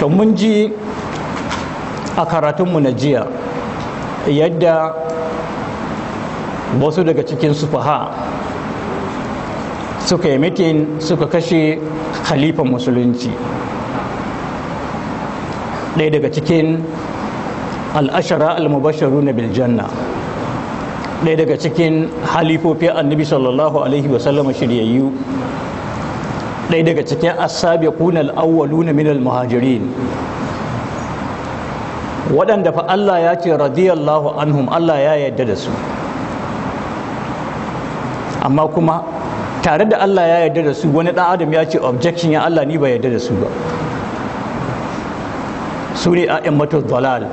to mun ji a karatunmu na jiya yadda wasu daga cikin sufaha suka yi mitin suka kashe khalifan musulunci ɗaya daga cikin al'ashara al-mubasharu na biljanna ɗaya daga cikin halifofi annabi sallallahu alaihi wasallama shiryayyu ɗaya daga cikin asabi kunal na min muhajirin waɗanda fa Allah ya ce radiyallahu anhum Allah ya yadda da su amma kuma tare da Allah ya yadda da su wani ɗan adam ya ce objection ya Allah ni ba yadda da su ba su ne a'immatul dalal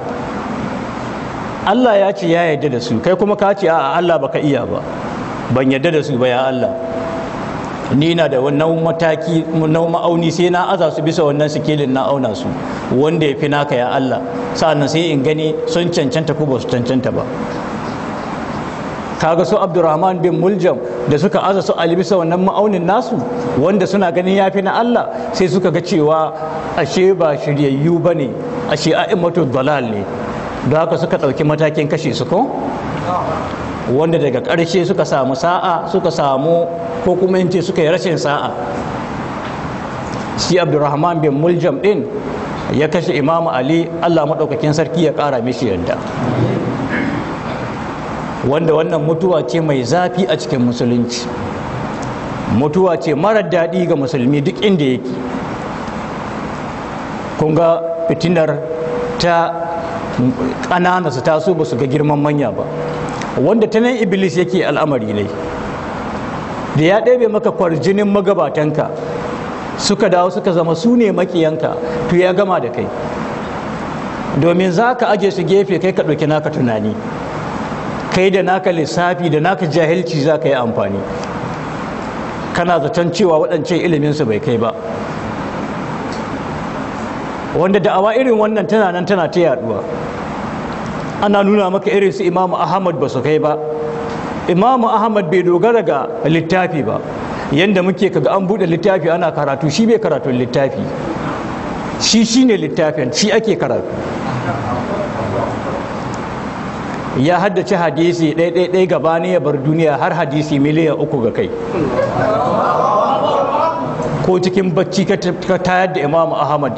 Allah ya ce ya yadda da su kai kuma ka ce a Allah baka iya ba ban yadda da su ba ya Allah ni na da wannan mataki na ma'auni sai na aza su bisa wannan sikilin na auna su wanda ya fi naka ya Allah sa'annan sai in gani sun cancanta ko ba su cancanta ba kaga su abdurrahman bin muljam da suka aza su bisa wannan ma'aunin nasu wanda suna ganin ya fi na Allah sai suka ga cewa ashe ba shiryayyu ba ne ashe a'immatu dalal ne da haka suka ɗauki matakin kashe su ko wanda daga ƙarshe suka samu sa'a suka samu ko kuma ce suka yi rashin sa'a shi abdurrahman bin muljam din ya kashe imamu ali allah maɗaukakin sarki ya ƙara mishi yadda wanda wannan mutuwa ce mai zafi a cikin musulunci mutuwa ce mara daɗi ga musulmi duk inda yake kun ga fitinar ta ƙanana su taso ba su ga girman manya ba wanda ta nan iblis yake al'amari ne da ya ɗebe maka kwarjinin magabatanka suka dawo suka zama su ne makiyanka to ya gama da kai domin za ka aje su gefe kai ka ɗauki naka tunani kai da naka lissafi da naka jahilci za ka yi amfani kana zaton cewa waɗancan iliminsu bai kai ba wanda da'awa irin wannan tana nan tana ta yaduwa ana nuna maka irin su imamu ahmad ba su kai ba imamu ahmad bai dogara ga littafi ba Yadda muke kaga an buɗe littafi ana karatu shi bai karatun littafi shi shi ne littafin shi ake karatu ya haddace hadisi ɗaiɗaiɗai gabani ya bar duniya har hadisi miliyan uku ga kai ko cikin bacci ka tayar da imamu ahmad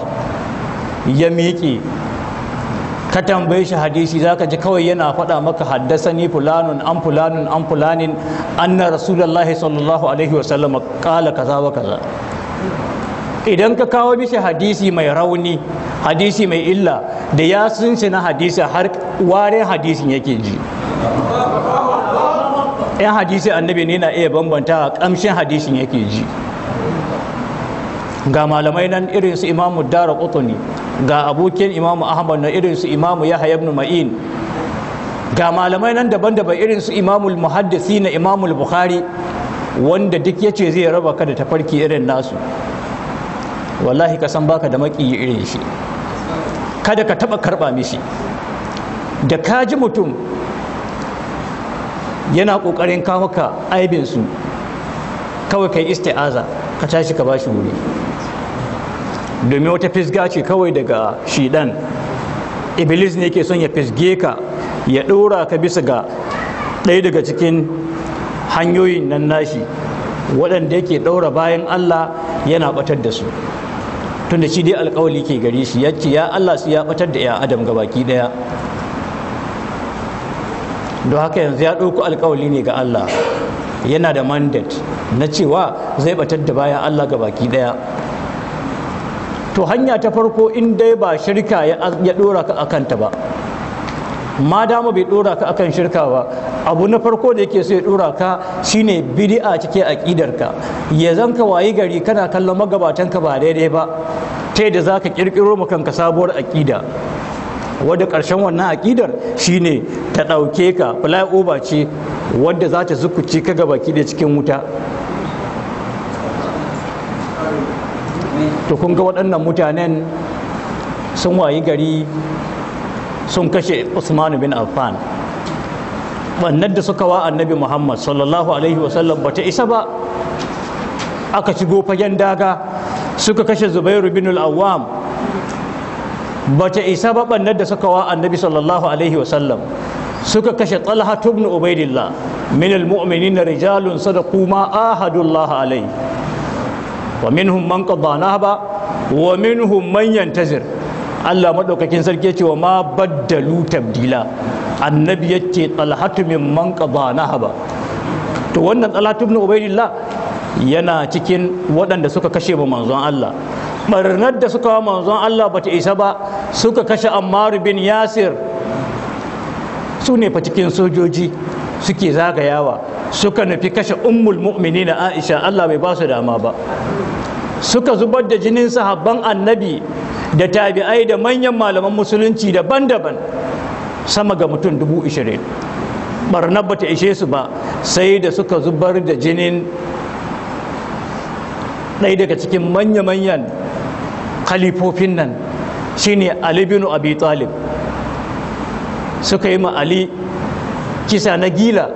ya miƙe ka tambaye shi hadisi ka ji kawai yana faɗa maka haddasani fulanun an fulanun an fulanin anna rasulullahi sallallahu alaihi wasallam kala kaza wa kaza idan ka kawo mishi hadisi mai rauni hadisi mai illa da ya sunci na hadisi har ware hadisin yake ji yan hadisi annabi ne na iya bambanta kamshin hadisin yake ji ga malamai nan irin su imamu dara kutuni ga abokin imamu ahmad na irin su imamu yahya ibn ma'in ga malamai nan daban-daban irin su imamul muhaddisi na imamul bukhari wanda duk ya ce zai raba ka da tafarki irin nasu wallahi ka san baka da maƙiyi irin shi kada ka taɓa karɓa mishi da kaji mutum yana ƙoƙarin kawo ka aibinsu kawai kai isti'aza ka tashi ka bashi wuri domin wata fisga ce kawai daga shidan iblis ne ke son ya fisge ka ya ɗora ka bisa ga ɗaya daga cikin hanyoyin nan nashi waɗanda yake ɗaura bayan allah yana ɓatar da su tunda shi dai alkawali ke gare shi ya ce ya allah su ya ɓatar da ya adam ga baki ɗaya don haka yanzu ya ɗauko alkawali ne ga Allah yana da mandat na cewa zai ɓatar da bayan Allah ga baki ɗaya to hanya ta farko in dai ba shirka ya dora ka akanta ba ma dama bai dora ka akan shirka ba abu na farko da yake so ya dora ka shine bid'a cike aqidar ka ya zanka wayi gari kana kallon magabatan ka ba daidai ba ta yadda zaka kirkiro ma kanka sabuwar aqida wadda karshen wannan aƙidar shine ta ɗauke ka flyover ce wadda zata ta zukuci ka gaba da cikin wuta to kun ga waɗannan mutanen sun wayi gari sun kashe usman bin affan wannan da suka wa annabi muhammad sallallahu alaihi wasallam bata isa ba aka shigo fagen daga suka kashe zubairu bin al'awam bata isa ba bannar da suka wa annabi sallallahu alaihi wasallam suka kashe talha tubnu ubaidillah min al-mu'minin rijalun sadaqu ma ahadullah alaihi wa minhum man qadha nahba wa minhum man yantazir Allah madaukakin sarki ce wa ma baddalu tabdila annabi yace talhatu min man qadha nahba to wannan talhatu ibn yana cikin waɗanda suka kashe ba manzon Allah barnar da suka wa manzon Allah bata isa ba suka kashe Ammar bin Yasir su ne fa cikin sojoji suke zagayawa suka nufi kashe ummul mu'minina Aisha Allah bai basu dama ba suka zubar da jinin sahabban annabi da tabi'ai da manyan malaman musulunci daban-daban sama ga mutum dubu ishirin Ba bata ishe su ba sai da suka zubar da jinin ɗaya daga cikin manya-manyan kalifofin nan shine ali bin abi talib suka yi ma ali kisa na gila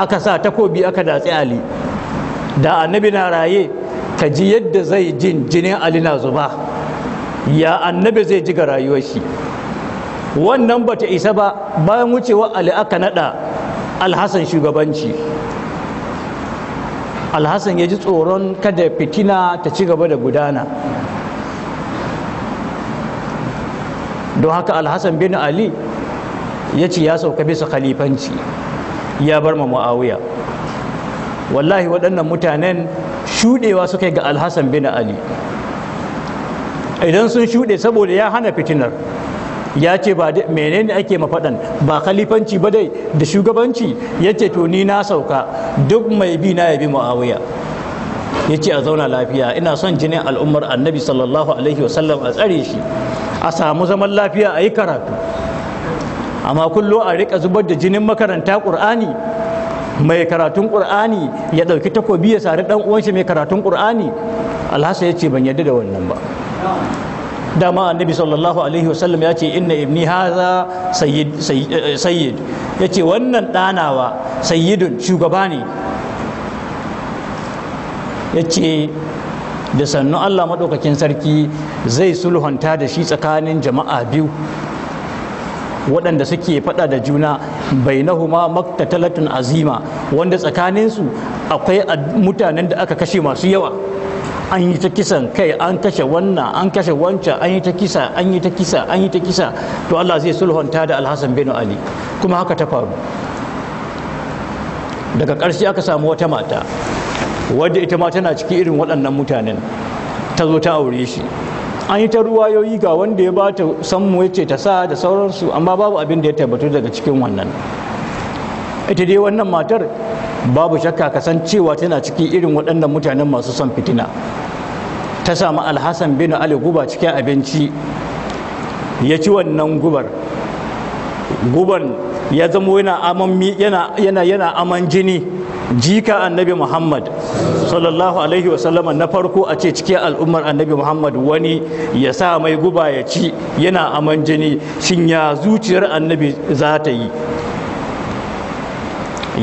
aka sa takobi aka datse ali da annabi na raye ka ji yadda zai jin jinin ali na zuba ya annabi zai ji ga rayuwar shi wannan ba ta isa ba bayan wucewa ali aka nada alhassan shugabanci alhassan ya ji tsoron kada fitina ta ci gaba da gudana don haka alhassan bin ali ya ce ya sauka bisa khalifanci ya bar ma mu'awiya wallahi waɗannan mutanen shudewa suka yi ga alhassan bin ali idan sun shuɗe saboda ya hana fitinar ya ce ba menene ake mafaɗan ba khalifanci ba dai da shugabanci ya ce to ni na sauka duk mai bi na ya bi mu'awiya ya ce a zauna lafiya ina son jinin al'ummar annabi sallallahu alaihi wasallam a tsare shi a samu zaman lafiya a yi karatu amma kullum a riƙa zubar da jinin makaranta ƙur'ani mai karatun ƙur'ani ya ɗauki takobi ya sari ɗan uwanshi mai karatun ƙur'ani alhasa ya ce ban yadda da wannan ba dama annabi sallallahu alaihi wasallam ya ce inna ibni haza sayyid eh, sayyid ya ce wannan ɗanawa sayyidun shugaba ne ya ce da sannu Allah maɗaukakin sarki zai sulhanta da shi tsakanin jama'a biyu waɗanda suke faɗa da juna bai bainahuma maktatalatun azima wanda tsakaninsu akwai mutanen da aka kashe masu yawa an yi ta kisan kai an kashe wannan an kashe wancan an yi ta kisa an yi ta kisa an yi ta kisa to Allah zai sulhunta da Alhassan bin Ali kuma haka ta faru daga ƙarshe aka samu wata mata wadda ita ma tana ciki irin waɗannan mutanen ta zo ta aure shi an yi ta ruwayoyi ga wanda ya bata sammu ya ce ta sa da sauransu amma babu abin da ya tabbatu daga cikin wannan ita dai wannan matar babu shakka cewa tana ciki irin waɗannan mutanen masu son fitina ta samu alhassan bin ali guba cikin abinci ya ci wannan gubar guban ya zamo yana aman jini jika annabi muhammad sallallahu alaihi wasallama na farko a ce cikin al'ummar annabi muhammad wani ya sa mai guba ya ci yana aman jini shin ya zuciyar annabi za ta yi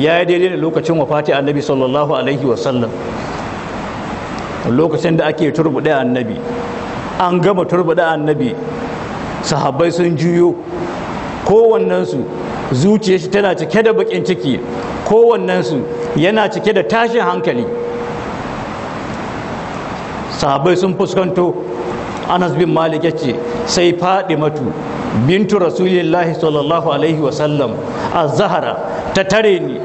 ya yi daidai da lokacin wafati annabi sallallahu alaihi wasallam lokacin da ake turbuɗe annabi an gama turbuɗe annabi sahabbai sun juyo kowannensu zuciyar shi tana cike da bakin ciki kowannensu yana cike da tashin hankali sahabai sun fuskanto anas bin malik yace sai faɗi matu. bintu rasulillahi sallallahu alaihi wasallam a zahara ta tare ni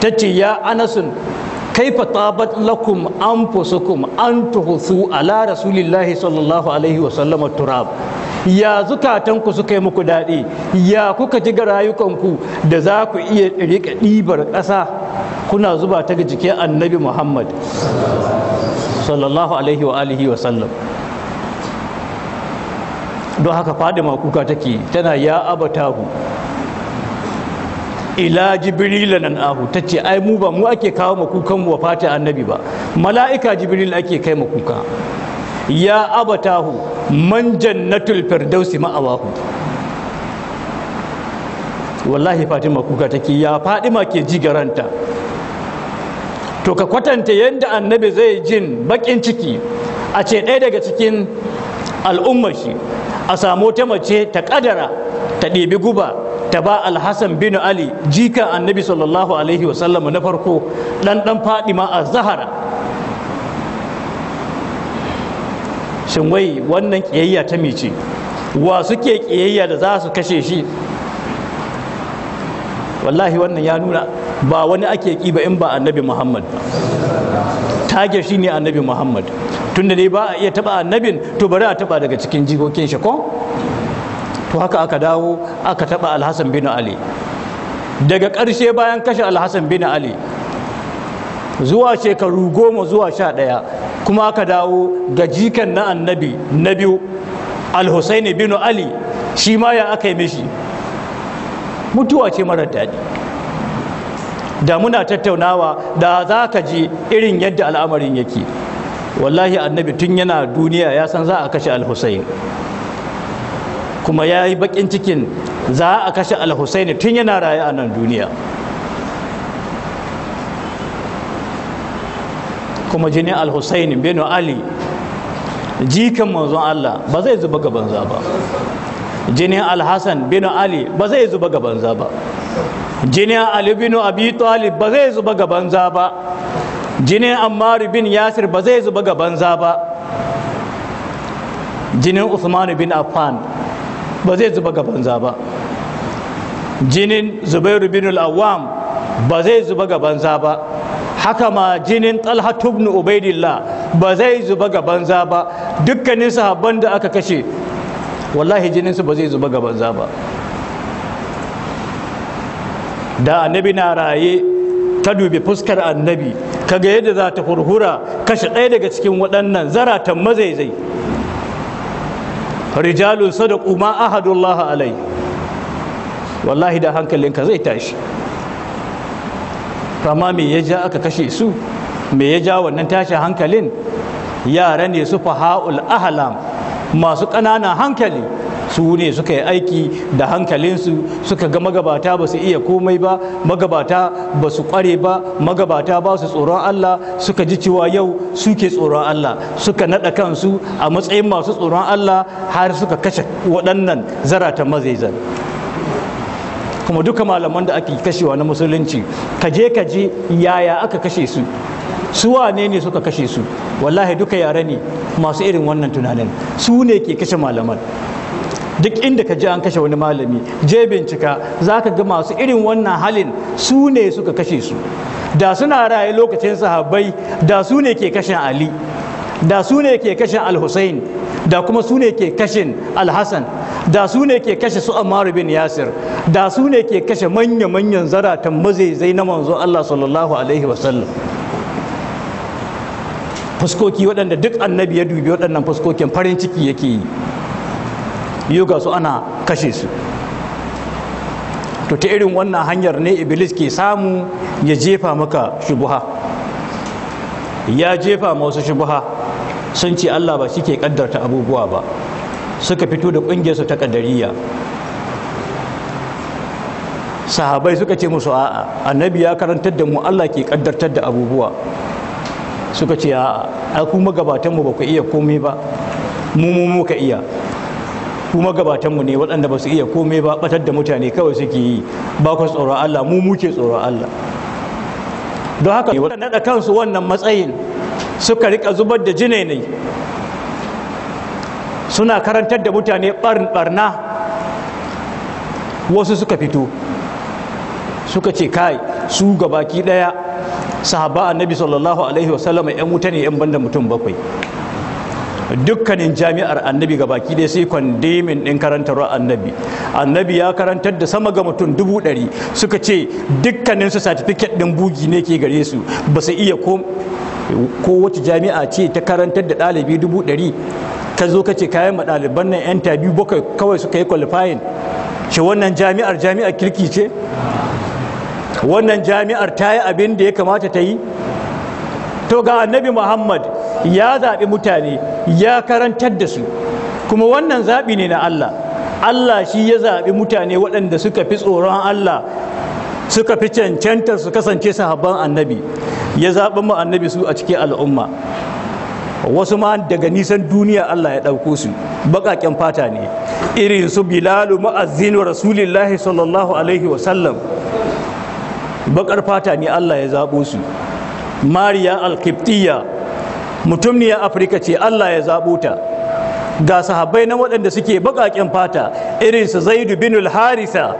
ta ce ya anasun kaifa tabat lakum anfusukum an tuhusu ala rasulillahi sallallahu alaihi wasallam turab ya zukatanku suka yi muku daɗi ya kuka ji ga rayukanku da za ku iya rika ɗibar ƙasa kuna zuba ta ga jikin annabi muhammad sallallahu alaihi wa alihi wa sallam don haka fadima kuka take tana ya abatahu ila jibril nan ahu tace ai mu ba mu ake kawo makukan mu wafata annabi ba mala'ika jibril ake kai makuka ya abatahu man jannatul firdausi ma'awahu wallahi fatima kuka take ya fadima ke jigaranta to ka kwatanta yadda annabi zai jin bakin ciki a ce ɗaya daga cikin al'ummar shi a samu ta mace ta ƙadara ta ɗebi guba ta ba alhassan bin ali jika annabi sallallahu alaihi wasallam na farko ɗan ɗan fadima a zahara shin wai wannan ƙiyayya ta mice wa suke ƙiyayya da za su kashe shi wallahi wannan ya nuna ba wani ake ki ba in ba annabi muhammad ba tage shi ne annabi muhammad tunda dai ba a iya taba annabin to bari a taba daga cikin jikokin shi ko to haka aka dawo aka taba alhassan bin ali daga ƙarshe bayan kashe alhassan bin ali zuwa shekaru goma zuwa sha ɗaya kuma aka dawo ga jikan na annabi na biyu alhussaini bin ali shi ma ya aka yi mishi mutuwa ce marar daɗi da muna tattaunawa da za ka ji irin yadda al'amarin yake wallahi annabi tun yana duniya ya san za a kashe al-husayn kuma ya yi bakin cikin za a kashe al-husayn tun yana raye a nan duniya kuma jini al-husayn ali jikan manzon Allah ba zai zuba gaban za ba jinin alhassan bin ali ba zai zuba ga banza ba jinin ali bin abi talib ba zai zuba ga banza ba jinin ammar bin yasir ba zai zuba ga banza ba jinin usman bin affan ba zai zuba ga banza ba jinin zubairu bin al-awwam ba zai zuba ga banza ba haka ma jinin talha tubnu ubaidillah ba zai zuba ga banza ba dukkanin sahabban da aka kashe wallahi jininsu ba zai zuba gaban za ba da annabi na raye ka dubi fuskar annabi kaga yadda za ta hurhura kashe ɗaya daga cikin waɗannan zaratan mazaizai rijalun sadaqu ma ahadullah alai wallahi da hankalinka zai tashi amma me ya ja aka kashe su me ya ja wannan tashi hankalin yara ne su faha'ul ahlam masu ƙananan hankali su ne suka yi aiki da hankalinsu suka ga magabata ba su iya komai ba magabata ba su kware ba magabata ba su tsoron Allah suka ji cewa yau suke tsoron Allah suka naɗa kansu a matsayin masu tsoron Allah har suka kashe waɗannan zarata mazaizan kuma duka malaman da ake kashewa na musulunci kaje kaje yaya aka kashe su su wane ne suka kashe su wallahi duka yare ne masu irin wannan tunanin su ne ke kashe malaman duk inda ka ji an kashe wani malami je bincika za ka ga masu irin wannan halin su ne suka kashe su da suna raye lokacin sahabai, da su ne ke kashe ali da su ne ke kashe al-hussein da kuma su ne ke kashin al-hassan da su ne ke kashe su Ammar bin Yasir da su ne ke kashe manya-manyan zaratan mazaizai na manzo Allah sallallahu alaihi wasallam fuskoki waɗanda duk annabi ya dubi waɗannan fuskokin farin ciki yake yi yoga su ana kashe su to ta irin wannan hanyar ne iblis ke samu ya jefa maka shubuha ya jefa wasu shubuha sun ce allah ba shi ke kaddarta abubuwa ba suka fito da ƙungiyarsu ta kadariya sahabai suka ce musu a'a annabi ya karantar da mu allah ke kaddartar da abubuwa suka ce a ku magabatanmu ba ku iya komai ba mu mu muka iya ku magabatanmu ne waɗanda ba su iya komai ba batar da mutane kawai suke yi ba ku tsoron Allah mu muke tsoron Allah don haka ne waɗanda da kansu wannan matsayin suka riƙa zubar da jine ne suna karantar da mutane barna wasu suka fito suka ce kai su gabaki ɗaya sahaba annabi sallallahu alaihi wasallam yan wuta ne yan banda mutum bakwai dukkanin jami'ar annabi ga baki dai sai kwandemin din karantarwa annabi annabi ya karantar da sama ga mutum dubu ɗari suka ce dukkanin su satifiket ɗin bugi ne ke gare su ba su iya ko wata jami'a ce ta karantar da ɗalibi dubu ɗari ka zo ka ce kayan ma ɗaliban nan yan tabi bakwai kawai suka yi qualifying shi wannan jami'ar jami'ar kirki ce wannan jami'ar ta yi abin da ya kamata ta yi to ga annabi muhammad ya zaɓi mutane ya karantar da su kuma wannan zaɓi ne na allah allah shi ya zaɓi mutane waɗanda suka fi tsoron allah suka fi cancanta su kasance sahabban annabi ya zaɓi mu annabi su a cikin al'umma wasu ma daga nisan duniya allah ya ɗauko su baƙaƙen fata ne irin su bilalu ma'azzinu rasulillahi sallallahu alaihi wasallam bakar fata ne Allah ya zaɓo su mariya alkiftiya mutum ne a afirka ce Allah ya zaɓo ta ga sahabbai na waɗanda suke baƙaƙen fata irinsu zaidu bin harisa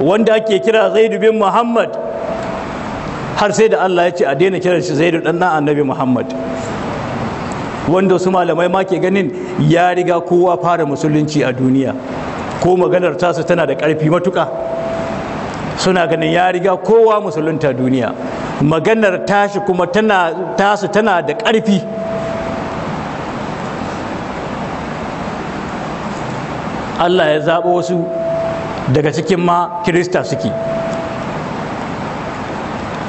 wanda ake kira zaidu bin muhammad har sai da Allah ya ce a daina kiran shi zaidu ɗan annabi muhammad wanda su malamai ma ke ganin ya riga kowa fara musulunci a duniya ko maganar tasu tana da ƙarfi matuƙa suna ganin ya riga kowa musulunta duniya maganar tashi kuma tana tasu tana da ƙarfi Allah ya zaɓo wasu daga cikin ma kirista suke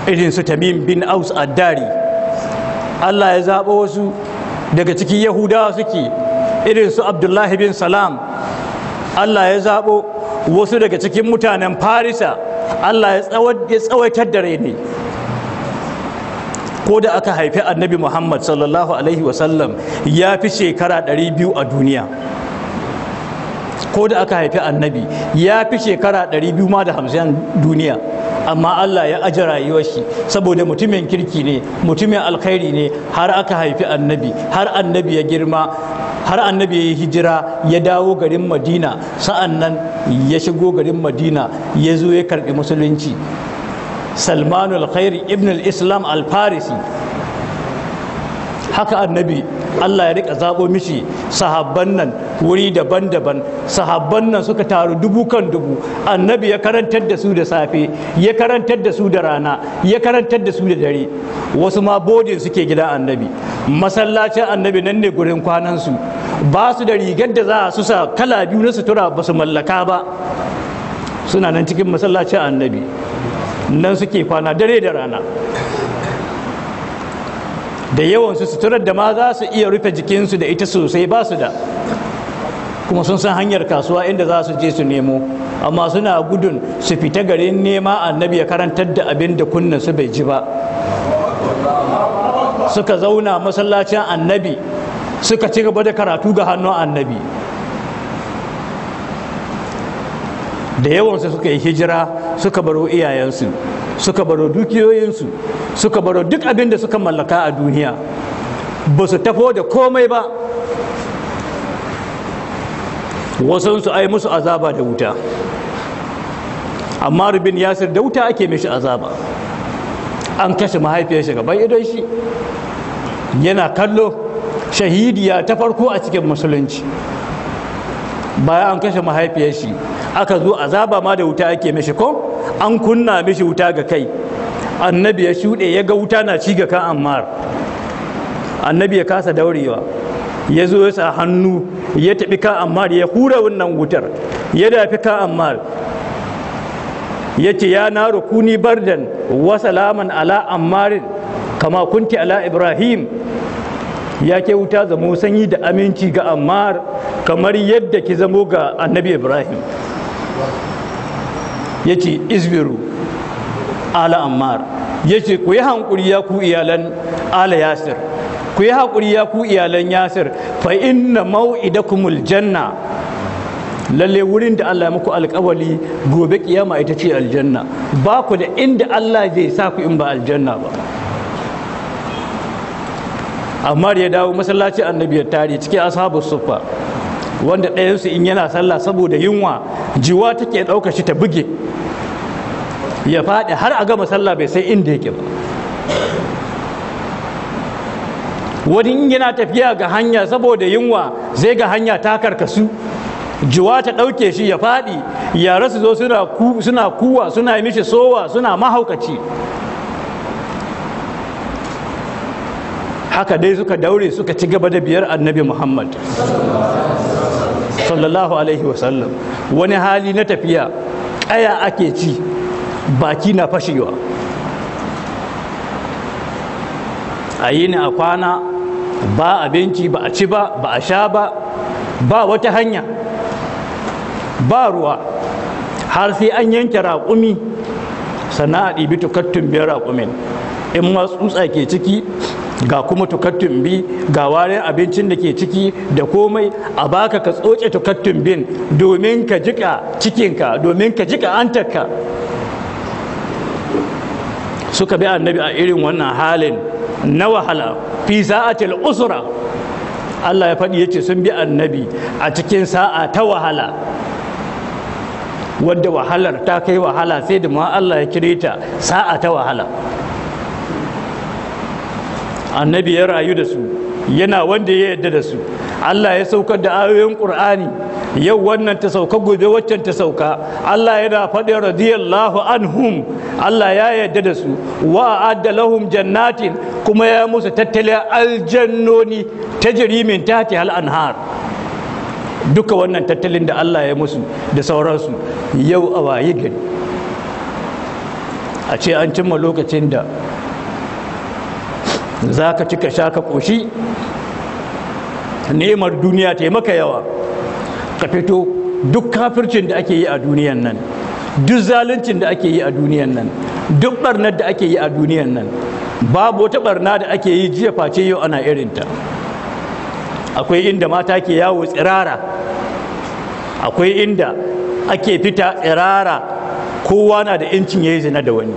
irin su tamim bin aus addari Allah ya zaɓo wasu daga cikin yahudawa suke irin su abdullahi bin salam Allah ya zaɓo wasu daga cikin mutanen farisa Allah ya tsawaitar da rai ne ko da aka haifi annabi muhammad sallallahu alaihi wasallam ya fi shekara 200 a duniya ko da aka haifi annabi ya fi shekara 200 ma da hamsin duniya amma allah ya aji rayuwar shi saboda mutumin kirki ne mutumin alkhairi ne har aka haifi annabi har annabi ya girma har annabi ya yi hijira ya dawo garin madina sa'an nan ya shigo garin madina ya zo ya karbi musulunci salmanu alkhairi ibn al-islam al-farisi haka annabi Allah ya rika zabo mishi sahabban nan wuri daban-daban sahabban nan suka taru dubu kan dubu annabi ya karantar da su da safe ya karantar da su da rana ya karantar da su da dare wasu ma bodin suke gida annabi masallacin annabi nan ne gurin kwanan su ba su da rigar da za su sa kala biyu na sutura ba su mallaka ba suna nan cikin masallacin annabi nan suke kwana dare da rana da yawan su suturar da ma za su iya rufe jikinsu da ita sosai ba su da kuma sun san hanyar kasuwa inda za su je su nemo amma suna gudun su fita garin nema annabi ya karantar da abin da kunna su bai ji ba suka zauna masallacin annabi suka ci gaba da karatu ga hannun annabi da yawansu suka yi hijira suka baro iyayensu suka baro dukiyoyinsu suka baro duk abin da suka mallaka a duniya ba su tafo da komai ba wasansu ai musu azaba da wuta amma rubin yasir da wuta ake mishi azaba an kashe mahaifiyar shi gaban idon shi yana kallo shahidiya ta farko a cikin musulunci bayan an kashe mahaifiyar shi aka zo azaba ma da wuta ake mishi ko an kunna mishi wuta ga kai annabi ya shuɗe ya ga wuta na ci ga kan ammar annabi ya kasa daurewa ya zo ya sa hannu ya tafi kan ammar ya hura wannan wutar ya dafi kan ammar ya ce ya na rukuni bardan wa salaman ala ammarin kama kunti ala ibrahim ya ke wuta zamo sanyi da aminci ga ammar kamar yadda ki zamo ga annabi ibrahim Ya ce Isbiru ala ammar ya ce ku yi hankuri ya ku iyalan ala yasir ku yi hankuri ya ku iyalan yasir fa inna mau'idakumul janna lalle wurin da Allah ya muku gobe kiyama ita ce aljanna ba ku da inda Allah zai sa ku in ba aljanna ba amma ya dawo masallaci annabi ya tare cikin ashabu suffa wanda ɗayansu in yana sallah saboda yunwa jiwa take ɗaukar shi ta buge ya faɗi har a gama sallah bai sai inda yake ba wani yana tafiya ga hanya saboda yunwa zai ga hanya ta karkasu jiwa ta ɗauke shi ya faɗi yara su zo suna kuwa suna mishi sowa suna mahaukaci haka dai suka daure suka ci gaba da biyar annabi muhammad sallallahu alaihi wasallam wani hali na tafiya ƙaya ake ci baki na fashewa a yi ni a kwana ba abinci ba a ci ba ba a sha ba ba wata hanya ba ruwa har sai an yanke raƙumi sana'a ɗibi tukattun biyar raƙumin in ma tsutsa ke ciki ga kuma tukattun bi ga warin abincin da ke ciki da komai a baka ka tsoce tukattun bin domin ka jika cikinka domin ka jika antarka suka bi annabi a irin wannan halin na wahala fi sa'atil usra Allah ya faɗi yace sun bi annabi a cikin sa'a ta wahala wadda wahalar ta kai wahala sai da ma Allah ya kire ta sa'a ta wahala annabi ya rayu da su yana wanda ya yadda da su Allah ya saukar da ayoyin Qur'ani yau wannan ta sauka gobe waccan ta sauka Allah yana faɗin radiyallahu anhum Allah ya yadda da su wa adda jannatin kuma ya musu tattalin aljannoni tajri min tahti hal anhar duka wannan tattalin da Allah ya musu da sauransu yau a waye gari a ce an cimma lokacin da za ka cika sha ka ƙoshi nemar duniya ta yi maka yawa ka fito duk kafircin da ake yi a duniyan nan duk zaluncin da ake yi a duniyan nan duk ɓarnar da ake yi a duniyan nan babu wata barna da ake yi jiya face yau ana irinta akwai inda mata ke yawo tsirara akwai inda ake fita tsirara kowa na da incin ya yi zina da wani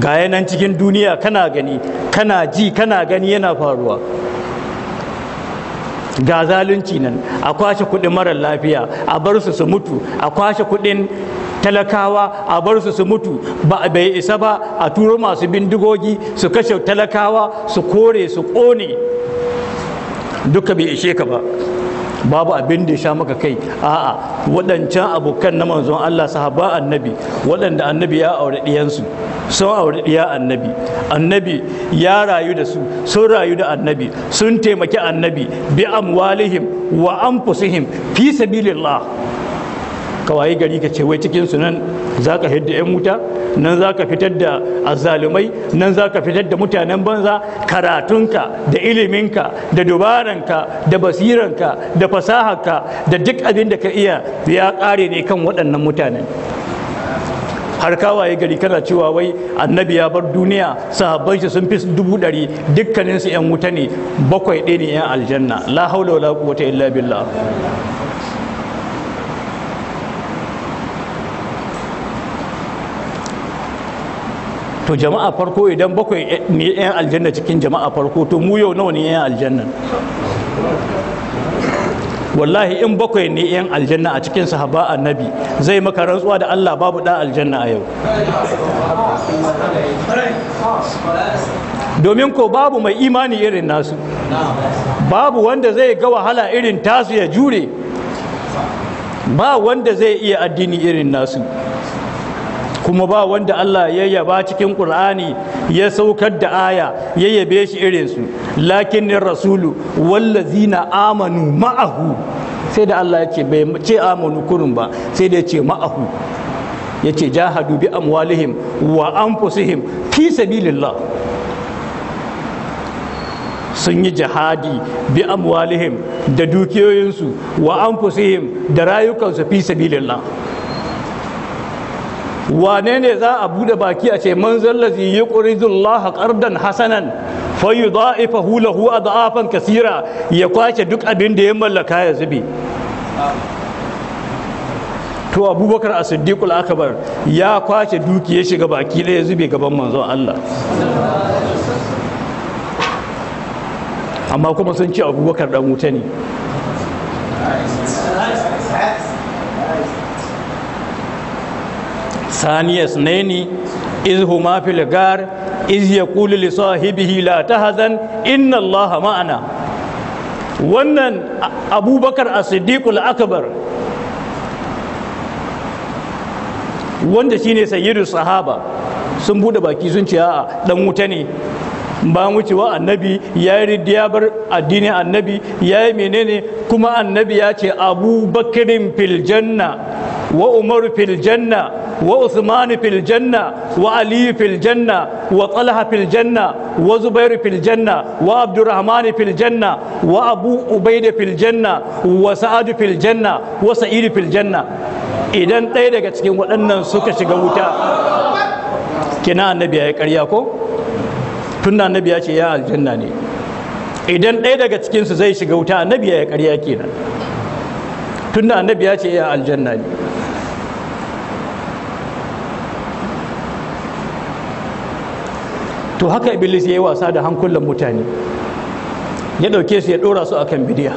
Ga nan cikin duniya kana gani kana ji kana gani yana faruwa ga zalunci nan a kwashe kuɗi marar lafiya a bar su su mutu a kwashe kuɗin talakawa a bar su su mutu ba a bai isa ba a turo masu bindigogi su kashe talakawa su kore su ƙone duka bai ishe ka ba babu abin da ya sha maka kai a'a waɗancan abokan na manzon Allah sahaba annabi waɗanda annabi ya aure ɗiyansu sun aure ɗiya annabi annabi ya rayu da su sun rayu da annabi sun taimaki annabi bi amwalihim wa anfusihim fi sabilillah ka gari ka ce wai cikin su nan za ka hidda 'yan wuta nan za ka fitar da azalumai, nan za ka fitar da mutanen banza karatunka da iliminka da dubaranka da basiranka da fasaharka da duk abin da ka iya ya ƙare ne kan waɗannan mutane. har kawaye gari kana cewa wai annabi ya bar duniya sahabban shi sun fi dubu ɗari dukkaninsu 'yan wuta ne bakwai ɗaya ne 'yan aljanna la haula wala quwwata illa billah to jama'a farko idan bakwai ne eh, 'yan aljanna cikin jama'a farko to mu yau nawa ne 'yan aljanna wallahi in bakwai ne 'yan aljanna a cikin sahaba annabi zai maka rantsuwa da allah babu da aljanna a yau domin ko babu mai imani irin nasu babu wanda zai ga wahala irin tasu ya jure ba wanda zai iya addini irin nasu kuma ba wanda Allah ya yaba cikin Qur'ani ya saukar da aya ya yabe shi irin su lakin rasulu wallazina amanu ma'ahu sai da Allah ya ce bai ce amanu kurun ba sai da ya ce ma'ahu ya ce jahadu bi amwalihim wa anfusihim fi sabilillah sun yi jihadi bi amwalihim da dukiyoyinsu wa anfusihim da rayukansu fi sabilillah wane ne za a bude baki a ce man zallazi laha ƙardan hasanan a lahu adhafan kasira ya kwace duk abin da ya mallaka ya zubi to abubakar a siddiqul akbar ya kwace ya shiga baki ɗaya zube gaban manzon Allah amma kuma sun ce abubakar ɗan wuta ne ثانية اثنين إذ هما في الغار إذ يقول لصاحبه لا تهزن إن الله معنا wannan abubakar a siddiqul akbar wanda shine sayyidu sahaba sun bude baki sun ce a dan wuta ne ba wucewa annabi ya yi bar addinin annabi ya yi menene kuma annabi ya ce abubakarin filjanna wa umaru filjanna wa Usman filjanna, wa Aliyu filjanna, wa Talha filjanna, wa Zubairu filjanna, wa Abdurrahman filjanna, janna wa Abu Ubaida fil janna wa Sa'ad fil wa Sa'id fil idan ɗaya daga cikin waɗannan suka shiga wuta kina ya ko ce ya aljanna ne idan ɗaya daga cikinsu zai shiga wuta annabi ya karya kenan tunda annabi ya ce ya aljanna ne to haka iblis ya yi wasa da hankulan mutane ya dauke su ya ɗora su akan bidiya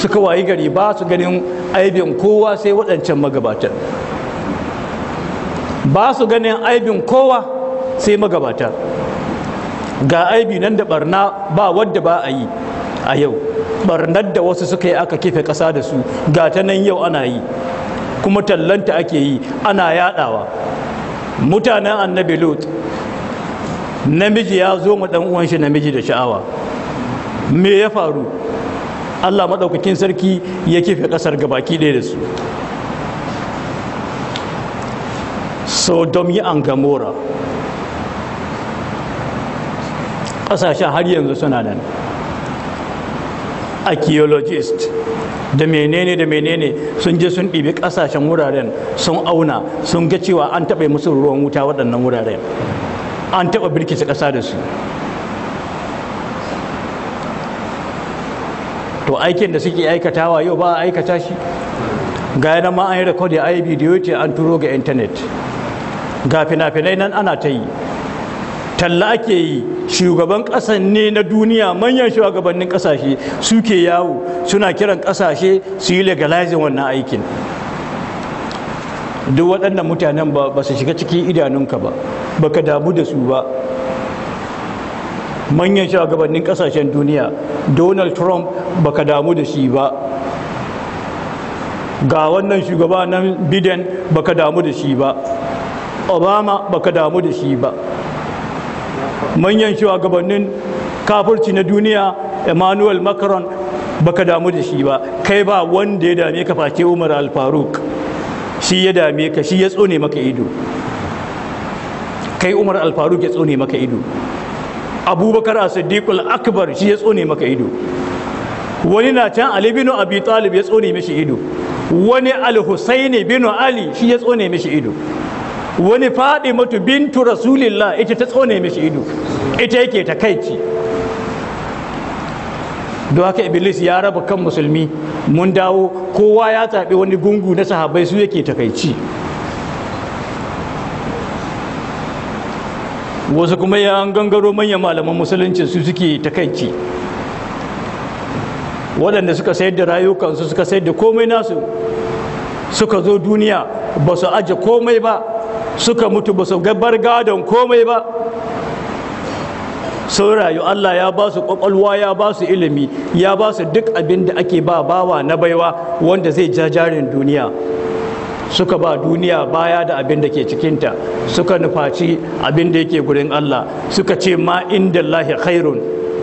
suka wayi gari ba su ganin aibin kowa sai waɗancan magabatan ba su ganin aibin kowa sai magabata ga aibi nan da barna ba wadda ba a yi a yau barnar da wasu suka yi aka kife ƙasa da su ga ta nan yau ana yi kuma tallanta ake yi ana yadawa mutanen annabi lut namiji ya zo mu dan uwan shi namiji da sha'awa me ya faru Allah maɗaukakin sarki ya kife ƙasar gabaki ɗaya da su sodom yi an gamora ƙasashen har yanzu suna nan archaeologist da menene da menene sun je sun ɗibi ƙasashen wuraren sun auna sun ga cewa an taɓa musu ruwan wuta waɗannan wuraren an taɓa birkice ƙasa da su to aikin da suke aikatawa yau ba a aikata shi ga yana ma an yi rekodi a yi bidiyo ce an turo ga intanet ga fina-finai nan ana ta yi talla ake yi shugaban ƙasan ne na duniya manyan shugabannin ƙasashe suke yawo suna kiran ƙasashe su yi legalizing wannan aikin duk waɗannan mutanen ba su shiga cikin idanunka ba ba ka damu da su ba manyan shagabannin ƙasashen duniya donald trump ba ka damu da shi ba ga wannan shugaba nan biden ka damu da shi ba obama ba ka damu da shi ba manyan shugabannin kafurci na duniya emmanuel macron ba ka damu da shi ba kai ba wanda ya dame ka face umar al-faruk shi ya dame ka shi ya tsone maka ido kai umar alfaruk ya tsone maka ido abubakar asiddiqul akbar shi ya tsone maka ido wani na can ali bin abi talib ya tsone mishi ido wani al-husaini bin ali shi ya tsone mishi ido wani fadi mutu bintu rasulillah ita ta tsone mishi ido ita yake ta kai don haka iblis ya raba kan musulmi mun dawo kowa ya taɓi wani gungu na sahabai su yake takaici wasu kuma ya gangaro manyan malaman musulunci su suke takaici waɗanda suka sayar da rayukansu suka sayar da komai nasu suka zo duniya ba su aje komai ba suka mutu ba su gabar gadon komai ba sun rayu Allah ya ba su kwakwalwa ya ba su ilimi ya ba su duk abin da ake ba bawa na baiwa wanda zai ja jarin duniya suka ba duniya baya da abin da ke cikinta suka nufaci abin da yake gurin Allah suka ce ma inda Allah khairun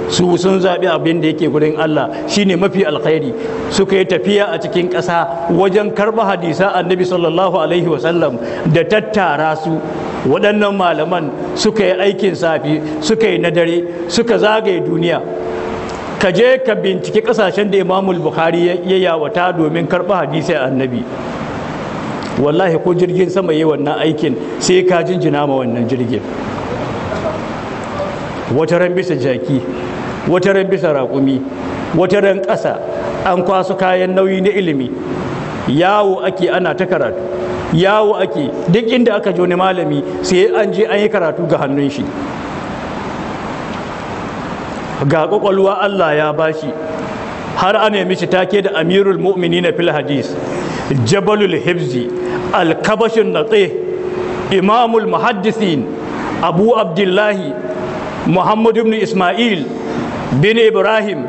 su sun zaɓi abin da yake gurin Allah shine mafi alkhairi suka yi tafiya a cikin ƙasa wajen karɓa hadisa annabi sallallahu alaihi wasallam da tattara su waɗannan malaman suka yi aikin safi suka yi na suka zagaye duniya ka je ka binciki ƙasashen da imamul bukhari ya yawata domin karɓa hadisai annabi wallahi ko jirgin sama yi wannan aikin sai ka jinjina ma wannan jirgin wata ran bisa jaki wata ran bisa raƙumi wata ran ƙasa an kwasu kayan nauyi na ilimi yawo ake ana ta karatu yawo ake duk inda aka ji wani malami sai an je an yi karatu ga hannun shi ga kwakwalwa Allah ya bashi har ana mishi take da amirul mu'mini na fil hadis jabalul hibzi alkabashin natse imamul muhaddisin abu abdullahi muhammad ibn ismail bin ibrahim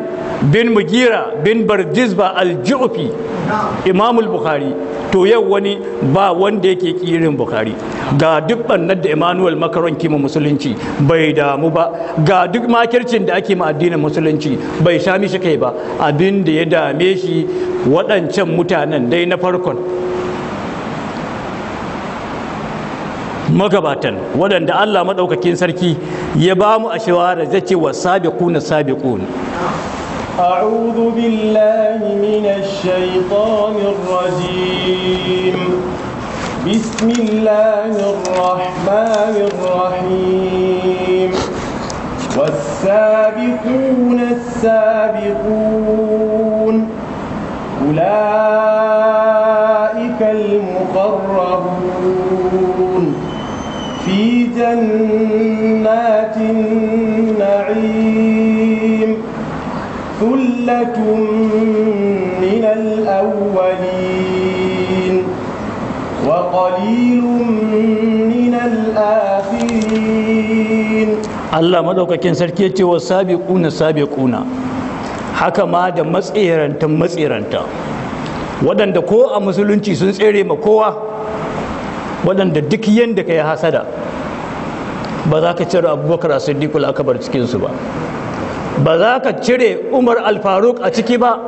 bin mugira bin bardizba al-ju'fi imamul bukhari to yau wani ba wanda yake kirin bukari ga duk bannar da emmanuel macron kima musulunci bai damu ba ga duk makircin da ake ma addinin musulunci bai sha mishi kai ba abin da ya dame shi waɗancan mutanen dai na farkon magabatan waɗanda Allah maɗaukakin sarki ya ba mu a shawara zai ce wa sabiquna sabiqun أعوذ بالله من الشيطان الرجيم بسم الله الرحمن الرحيم والسابقون السابقون أولئك المقربون في جنات النعيم ثلة من الأولين وقليل من الآخرين الله مدوكاكين سركيتي والسابقون haka ma da matsirantan matsiranta waɗanda ko a musulunci sun tsere ma kowa waɗanda duk yadda ka yi hasada ba za ka cire abubakar a siddiqul akabar cikinsu ba ba za ka cire umar alfaruk a ciki ba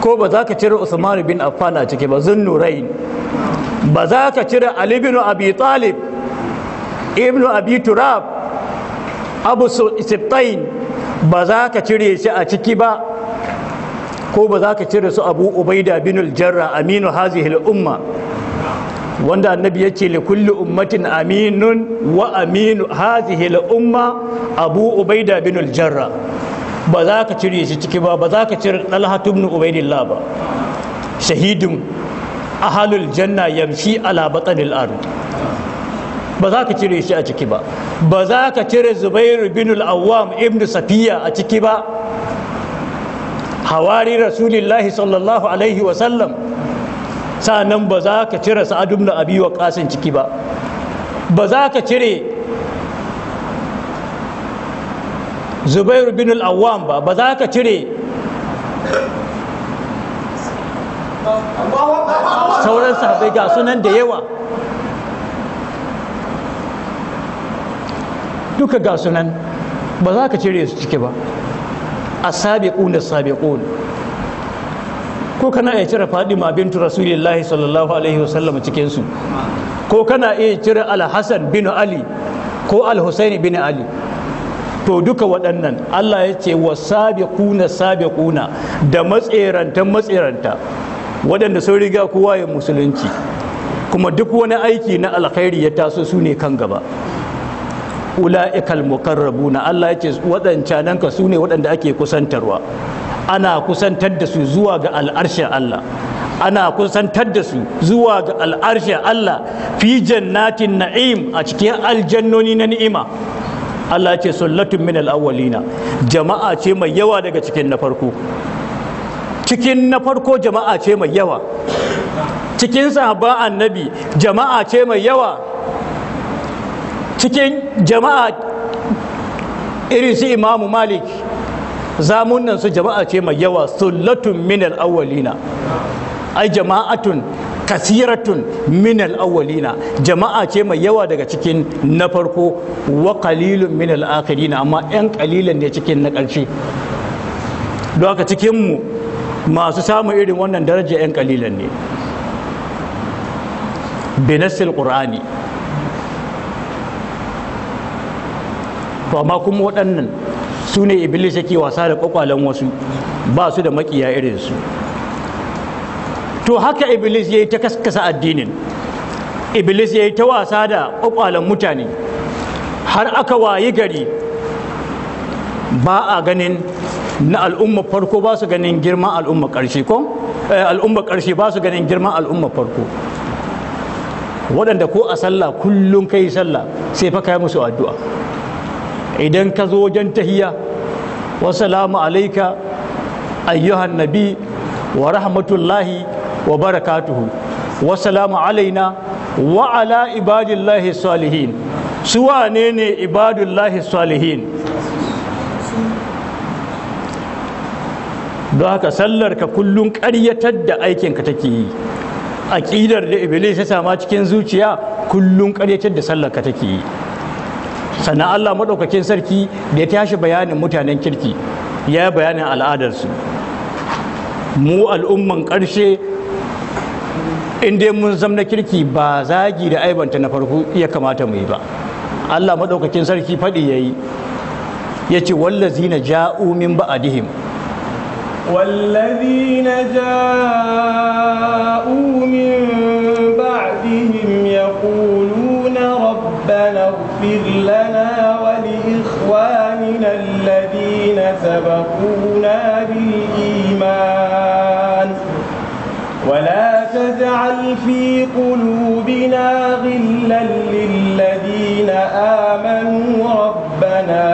ko ba za ka cire usman bin affan a ciki ba zunnurai ba za ka cire ali bin abi talib ibnu abi turab abu sibtain ba za ka cire shi a ciki ba ko ba za ka cire su abu ubaida bin jarra aminu hazihil umma wanda annabi ya ce likulli ummatin aminun wa aminu hazihi umma abu ubaida bin aljarra ba za ka cire shi ciki ba ba za ka cire dalhatu ibn ubaidillah ba shahidun ahalul janna yamshi ala batnil ard ba za ka cire shi a ciki ba ba za ka cire zubairu bin al-awwam ibn safiya a ciki ba hawari rasulillahi sallallahu alaihi wa sallam. sa'annan ba za ka cire sa'ad na abi waqas ciki ba ba za ka cire zubairu bin al'awam ba ba za ka cire sauran sahabai ga sunan da yawa duka ga sunan ba za ka cire su ciki ba a sabiƙun da sabiƙun ko kana iya cire fadima bintu rasulillahi sallallahu alaihi wasallam cikin su ko kana iya cire alhassan bin ali ko alhussaini bin ali to duka waɗannan allah ya ce wa Sabe kuna Sabe kuna da matserantan matseranta waɗanda sun riga kowa ya musulunci kuma duk wani aiki na alkhairi ya taso su ne kan gaba ula'ikal na allah ya ce waɗancanan ka su ne waɗanda ake kusantarwa ana kusantar da su zuwa ga al'arshin Allah ana kusantar da su zuwa ga al'arshin Allah fi jannatin na'im a cikin aljannoni na ni'ima Allah ce sullatun min al-awwalina jama'a ce mai yawa daga cikin na farko cikin na farko jama'a ce mai yawa cikin sahaba annabi jama'a ce mai yawa cikin jama'a irin su imamu malik Zamun nan su jama'a ce mai yawa sullatun minal awwalina ai jama'atun kasiratun minal awwalina jama'a ce mai yawa daga cikin na farko wa qalilun minal akhirina amma yan kalilan ne cikin na ƙarshe don haka cikin mu masu samun irin wannan daraja yan kalilan ne binasil qur'ani to amma kuma waɗannan su ne iblis yake wasa da kwakwalen wasu ba su da makiya irin su. to haka iblis ya yi ta kaskasa addinin iblis ya yi ta wasa da kwakwalen mutane har aka wayi gari ba a ganin na al'umma farko ba su ganin girman al'umma ƙarshe ko eh, al'umma ƙarshe ba su ganin girman al'umma farko waɗanda ko a sallah kullum kai sallah sai fa kai musu addu'a idan ka zo wajen tahiyya wasalamu alaika ayyuhan nabi wa rahmatullahi wa barakatuhu wasalamu alaina wa ala ibadillahi salihin su wane ne ibadullahi salihin don haka sallar ka kullum ƙaryatar da aikinka take yi aƙidar da iblis ya sama cikin zuciya kullum ƙaryatar da sallar ka take yi sannan Allah maɗaukakin sarki da ya tashi bayanin mutanen kirki ya yi bayanin al'adarsu mu al'umman ƙarshe in dai mun zamna kirki ba zagi da aibanta na farko ya kamata mu yi ba Allah maɗaukakin sarki faɗi ya yi ya ce wallazina ja'u min ba'adihim wallazina ja'u تجعل في قلوبنا غلا للذين آمنوا ربنا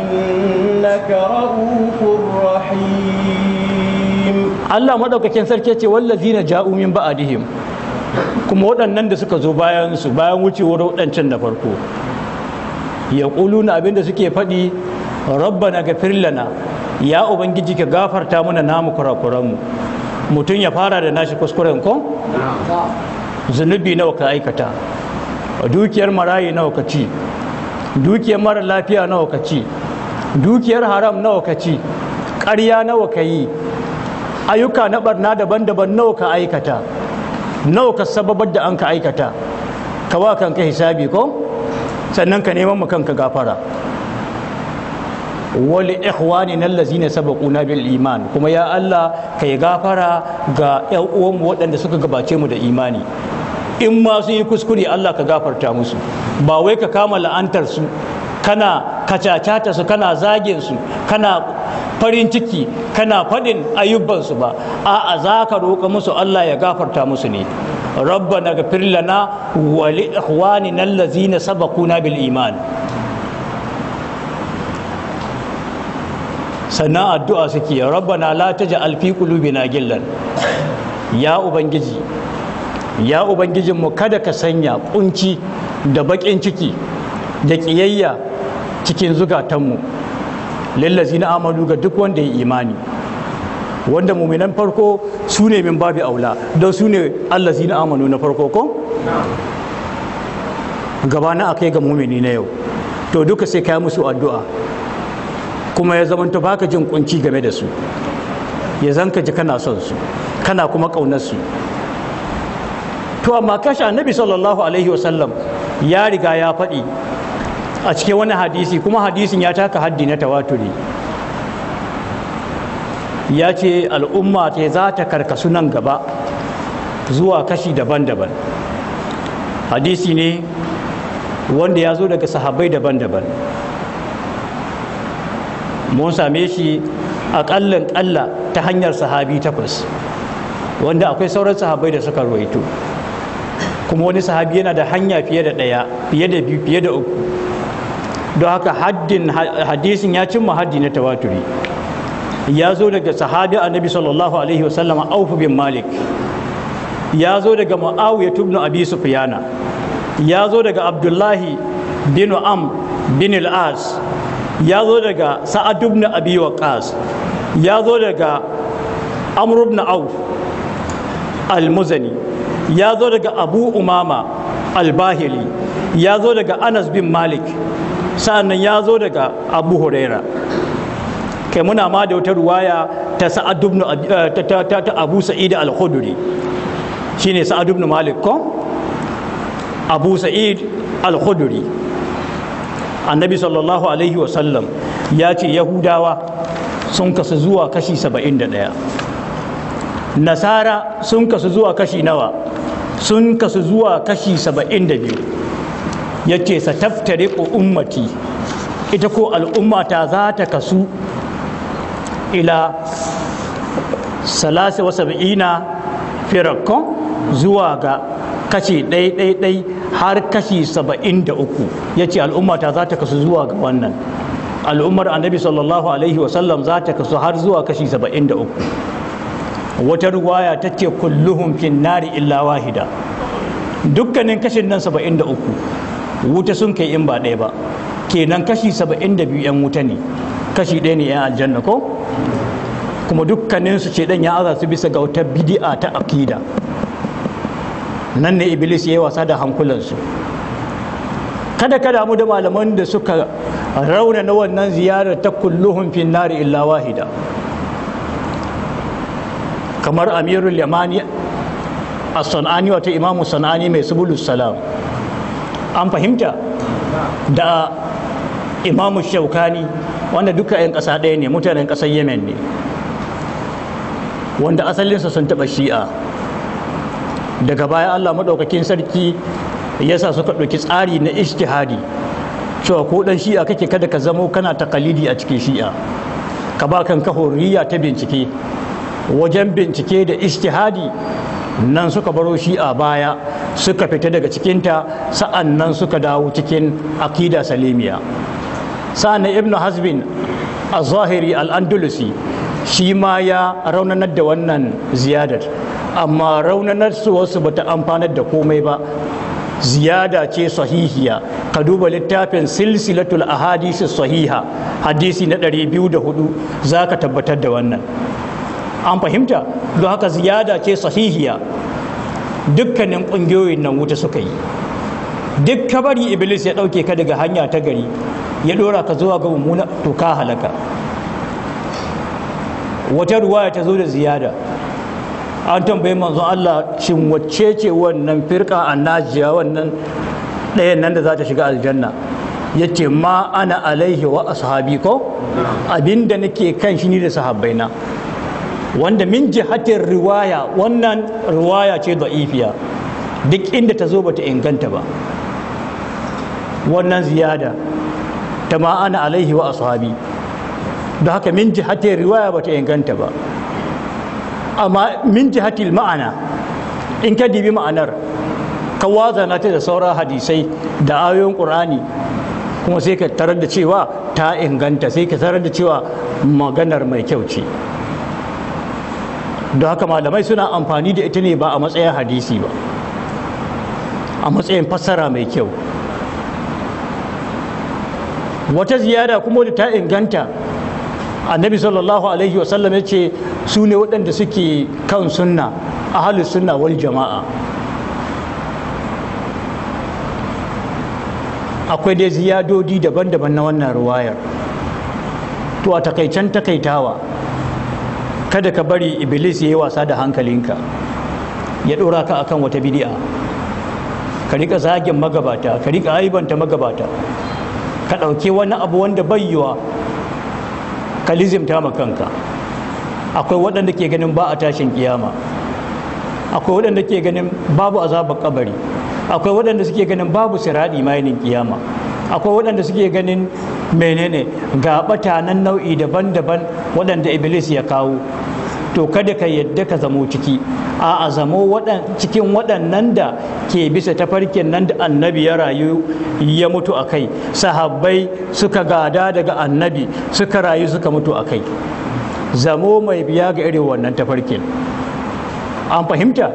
إنك رؤوف رحيم الله مدوكاكين سركيتي والذين جاءوا من بعدهم kuma waɗannan da suka zo bayan su bayan wucewar waɗancan da farko ya ƙuluna abinda suke faɗi rabbana gafir lana ya ubangiji ka gafarta mana namu kurakuranmu mutum ya fara da nashi kuskuren ko zunubi nawa ka aikata dukiyar marayi nawa ka ci dukiyar mara lafiya nawa ka ci dukiyar haram nawa ka ci ƙarya nawa ka yi ayyuka na barna daban-daban nawa ka aikata nawa ka sababar da an ka aikata ka wa kanka hisabi ko sannan ka neman mu kanka gafara wali ikhwani nan lazina na bil iman kuma ya Allah kai gafara ga ƴan uwanmu waɗanda suka gabace mu da imani in ma sun yi kuskure Allah ka gafarta musu ba wai ka kama la'antar su kana kacacata su kana zagin su kana farin ciki kana faɗin ayyubansu ba a'a za ka roƙa musu Allah ya gafarta musu ne rabbana gafir lana wa li ikhwanina allazina na bil iman sannan addu'a suke rabbana la taj'al alfi qulubina gillan ya ubangiji ya ubangijinmu kada ka sanya kunci da bakin ciki da ƙiyayya cikin zukatanmu lallazi na amalu ga duk wanda ya imani wanda muminan farko su ne min babi aula don su ne allazi na amalu na farko ko gabana a kai ga mumini na yau to duka sai kai musu addu'a kuma ya zamanta baka jin kunci game da su ya zanka ji kana son su kana kuma ƙaunar su to amma kashi annabi sallallahu alaihi wasallam ya riga ya faɗi a cikin wani hadisi kuma hadisin ya taka haddi na tawaturi ya ce al'umma ce za ta karkasu nan gaba zuwa kashi daban-daban hadisi ne wanda ya zo daga sahabai daban-daban mun same shi a ƙallon ƙalla ta hanyar sahabi takwas wanda akwai sauran sahabai da suka ruwaito kuma wani sahabi yana da hanya fiye da ɗaya fiye da biyu fiye da uku don haka hadisin ya cimma haddi na tawaturi ya zo daga sahabi annabi sallallahu alaihi wasallam aufu bin malik ya zo daga muawiya ibn abi sufiyana ya zo daga abdullahi bin am bin al ya zo daga sa'adu na abi waqas ya zo daga amr na auf al-muzani ya zo daga abu umama al-bahili ya zo daga anas bin malik sa'annan ya zo daga abu huraira kai muna ma da wata ruwaya ta sa'adu eh, ta abu sa'id al khuduri shine sa'adu malik ko abu sa'id al khuduri annabi sallallahu alaihi wasallam ya ce yahudawa sun kasu zuwa kashi 71 nasara sun kasu zuwa kashi nawa sun kasu zuwa kashi 72 ya ce sa taftare ummati ita ko al'ummata za ta kasu ila salasa wa sab'ina firakon zuwa ga kashi ɗai-ɗai-ɗai har kashi saba'in da uku ya ce al'ummata za ta kasu zuwa ga wannan al'ummar annabi sallallahu alaihi wasallam za ta kasu har zuwa kashi saba'in da uku wata ruwaya ta ce kulluhun Nari illa wahida dukkanin kashin nan saba'in da uku wuta sun kai in ba ɗaya ba kenan kashi saba'in da biyu 'yan wuta ne kashi ɗaya ne 'yan aljanna ko kuma dukkaninsu ce ɗan ya aza su bisa ga wata bidi'a ta akida nan ne iblis ya yi wasa da hankulansu kada ka damu da malaman da suka rauna na wannan ziyarar ta kulluhun finnari illa wahida kamar amirul yamani a sanani wata imamu sanani mai subulus salam an fahimta da imamu shaukani wanda duka 'yan ƙasa ɗaya ne mutanen ƙasar yemen ne wanda asalinsa sun taɓa shi'a daga baya Allah maɗaukakin sarki ya sa suka ɗauki tsari na ijtihadi cewa ko ɗan shi'a kake kada ka zamo kana takalidi a cikin shi'a ka ba kan kahoriya ta bincike wajen bincike da ijtihadi nan suka baro shi'a baya suka fita daga cikinta sa'an nan suka dawo cikin akida salimiya sa'an na ibnu hasbin a zahiri al'andalusi shi ma ya raunanar da wannan ziyadar amma raunanarsuwarsu ba ta amfanar da komai ba ziyada ce sahihiya ka duba littafin silsilatul ahadisi sahiha hadisi na 204 za ka tabbatar da wannan an fahimta don haka ziyada ce sahihiya dukkanin ƙungiyoyin nan wuta suka yi duk ka bari iblis ya ɗauke ka daga hanya ta gari ya ɗora ka zuwa ga mummuna to ka halaka wata ruwa ta zo da ziyada an tambaye manzon Allah shin wacce ce wannan firka a najiya wannan ɗayan nan da za ta shiga aljanna ya ce ma ana alaihi wa ashabi ko abinda nake kan shi ni da na wanda min jihatin riwaya wannan riwaya ce ifiya. duk inda ta zo bata inganta ba wannan ziyada ta ma ana alaihi wa ashabi da haka min jihatin riwaya bata inganta ba amma min jihatil ma'ana in ka dibi ma'anar ka wazana ta da sauran hadisai da ayoyin ƙur'ani kuma sai ka tarar da cewa ta inganta sai ka tarar da cewa maganar mai kyau ce don haka malamai suna amfani da ita ne ba a matsayin hadisi ba a matsayin fassara mai kyau wata ziyara kuma da ta inganta annabi sallallahu alaihi wasallam ya ce su ne waɗanda suke kan sunna halin sunna wal jama'a akwai dai ziyadodi daban-daban na wannan ruwayar to a takaicen takaitawa kada ka bari iblis ya yi wasa da hankalinka ya ɗora ka akan wata bidi'a ka rika zagin magabata ka rika aibanta magabata ka ɗauke wani abu wanda bayyuwa ka lizimta ma kanka akwai waɗanda ke ganin ba a tashin kiyama akwai waɗanda ke ganin babu azabar kabari akwai waɗanda suke ganin babu siraɗi mayanin kiyama akwai waɗanda suke ganin menene ga batanan nau'i daban-daban waɗanda iblis ya kawo to kada ka yadda ka zamo ciki a zamo cikin waɗannan da ke bisa tafarkin nan da annabi ya rayu ya mutu a kai sahabbai suka gada daga annabi suka rayu suka mutu a kai zamo mai biya ga irin wannan tafarkin an fahimta